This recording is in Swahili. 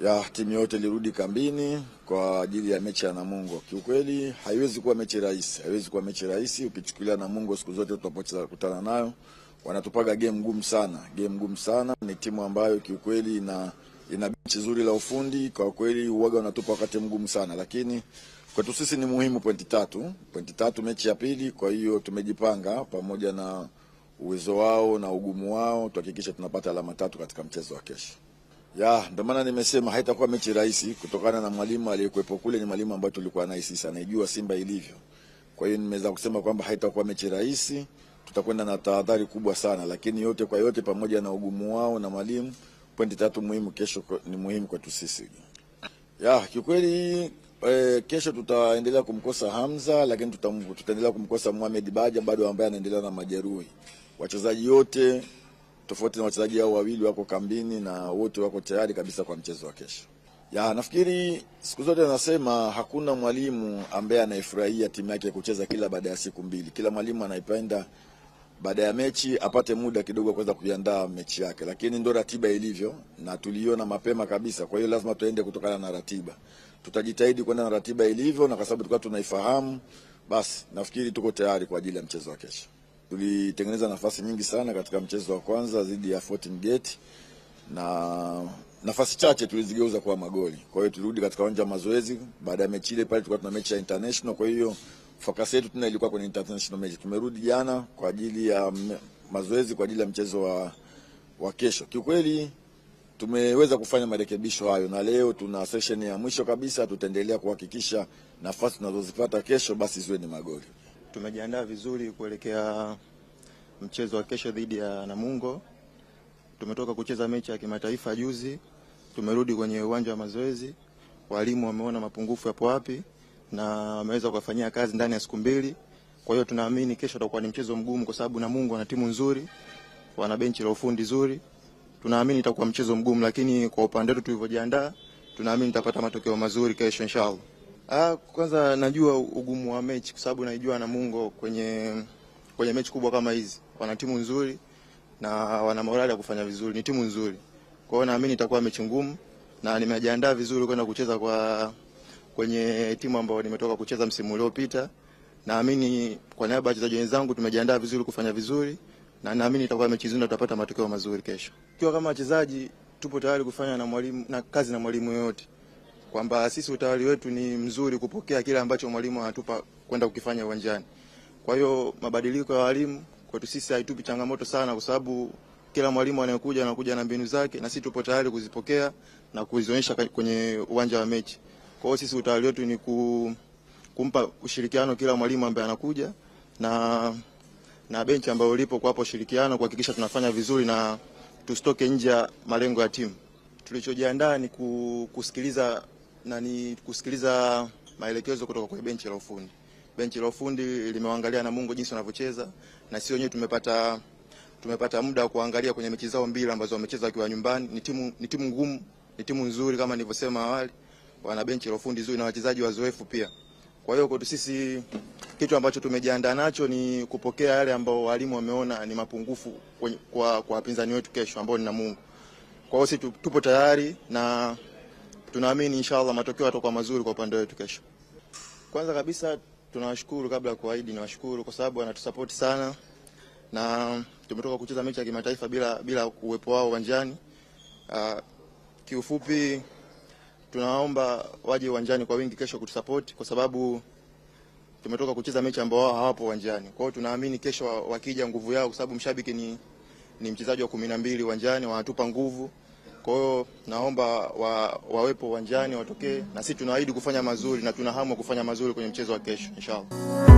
ya timu yote ilirudi kambini kwa ajili ya mechi ya Namungo. Kiukweli haiwezi kuwa mechi rahisi, haiwezi kuwa mechi rahisi ukichukulia Namungo siku zote tutapocheza kukutana nayo wanatupaga game ngumu sana, game ngumu sana. Ni timu ambayo kiukweli ina ina benchi zuri la ufundi kwa kweli, uwaga wanatupa wakati mgumu sana, lakini kwetu sisi ni muhimu pointi tatu, pointi tatu mechi ya pili. Kwa hiyo tumejipanga pamoja na uwezo wao na ugumu wao, tuhakikishe tunapata alama tatu katika mchezo wa kesho. Ya, ndio maana nimesema haitakuwa mechi rahisi kutokana na mwalimu aliyekuwepo kule, ni mwalimu ambaye tulikuwa naye sisi, anaijua Simba ilivyo. Kwa hiyo nimeweza kusema kwamba haitakuwa mechi rahisi, tutakwenda na tahadhari kubwa sana, lakini yote kwa yote, pamoja na ugumu wao na mwalimu, pointi tatu muhimu kesho ni muhimu kwetu sisi. Ya, kiukweli eh, kesho tutaendelea kumkosa Hamza, lakini tutaendelea kumkosa Mohamed Baja bado ambaye anaendelea na majeruhi. Wachezaji wote tofauti na wachezaji hao wawili wako kambini na wote wako tayari kabisa kwa mchezo wa kesho. Ya, nafikiri siku zote anasema hakuna mwalimu ambaye anaifurahia timu yake kucheza kila baada ya siku mbili. Kila mwalimu anaipenda baada ya mechi apate muda kidogo kuweza kujiandaa mechi yake, lakini ndio ratiba ilivyo na tuliona mapema kabisa. Kwa hiyo lazima tuende kutokana na ratiba, tutajitahidi kwenda na ratiba ilivyo, na kwa sababu tulikuwa tunaifahamu, basi nafikiri tuko tayari kwa ajili ya mchezo wa kesho tulitengeneza nafasi nyingi sana katika mchezo wa kwanza dhidi ya Fountain Gate na nafasi chache tulizigeuza kuwa magoli. Kwa hiyo tulirudi katika uwanja wa mazoezi baada ya mechi ile, pale tulikuwa tuna mechi ya international, kwa hiyo focus yetu tena ilikuwa kwenye international mechi. Tumerudi jana kwa ajili ya mazoezi kwa ajili ya mchezo wa, wa kesho. Kiukweli tumeweza kufanya marekebisho hayo, na leo tuna session ya mwisho kabisa. Tutaendelea kuhakikisha nafasi tunazozipata kesho basi ziwe ni magoli. Tumejiandaa vizuri kuelekea mchezo wa kesho dhidi ya Namungo. Tumetoka kucheza mechi ya kimataifa juzi, tumerudi kwenye uwanja wa mazoezi. Walimu wameona mapungufu yapo wapi na wameweza kuwafanyia kazi ndani ya siku mbili. Kwa hiyo tunaamini kesho utakuwa ni mchezo mgumu, kwa sababu Namungo wana timu nzuri, wana benchi la ufundi zuri. Tunaamini itakuwa mchezo mgumu, lakini kwa upande wetu tulivyojiandaa, tunaamini tutapata matokeo mazuri kesho inshallah. Ah, kwanza najua ugumu wa mechi kwa sababu naijua Namungo kwenye, kwenye mechi kubwa kama hizi wana timu nzuri na wana morali ya kufanya vizuri, ni timu nzuri. Kwa hiyo naamini itakuwa mechi ngumu na nimejiandaa vizuri kwenda kucheza kwa kwenye timu ambayo nimetoka kucheza msimu uliopita. Naamini kwa niaba ya wachezaji wenzangu tumejiandaa vizuri kufanya vizuri na naamini itakuwa mechi nzuri na tutapata matokeo mazuri kesho. Kiwa kama wachezaji tupo tayari kufanya na mwalimu na kazi na mwalimu yoyote kwamba sisi utawali wetu ni mzuri kupokea kile ambacho mwalimu anatupa kwenda kukifanya uwanjani. Kwa hiyo mabadiliko ya walimu kwetu sisi haitupi changamoto sana, kwa sababu kila mwalimu anayokuja anakuja na mbinu zake, na sisi tupo tayari kuzipokea na kuzionyesha kwenye uwanja wa mechi. Kwa hiyo sisi utawali wetu ni kumpa ushirikiano kila mwalimu ambaye anakuja na na benchi ambayo lipo kwa hapo ushirikiano kuhakikisha tunafanya vizuri na tusitoke nje ya malengo ya timu. Tulichojiandaa ni kusikiliza na ni kusikiliza maelekezo kutoka kwa benchi la ufundi. Benchi la ufundi limewaangalia Namungo jinsi wanavyocheza, na sisi wenyewe tumepata tumepata muda wa kuangalia kwenye mechi zao mbili ambazo wamecheza wakiwa nyumbani. Ni timu ni timu ngumu, ni timu nzuri kama nilivyosema awali, wana benchi la ufundi nzuri na wachezaji wazoefu pia. Kwa hiyo kwetu sisi kitu ambacho tumejiandaa nacho ni kupokea yale ambao walimu wameona ni mapungufu kwa kwa wapinzani wetu kesho ambao ni Namungo. Kwa hiyo sisi tupo tayari na tunaamini inshallah matokeo yatakuwa mazuri kwa upande wetu kesho. Kwanza kabisa tunawashukuru, kabla ya kuahidi, nawashukuru kwa sababu wanatusupport sana na tumetoka kucheza mechi ya kimataifa bila, bila uwepo wao uwanjani. Uh, kiufupi tunaomba waje uwanjani kwa wingi kesho kutusupport kwa sababu tumetoka kucheza mechi ambao wao hawapo uwanjani. Kwa hiyo tunaamini kesho wakija nguvu yao, kwa sababu mshabiki ni, ni mchezaji wa kumi na mbili uwanjani, wanatupa nguvu kwa hiyo naomba wa, wawepo uwanjani watokee, na sisi tunaahidi kufanya mazuri na tuna hamu ya kufanya mazuri kwenye mchezo wa kesho inshallah.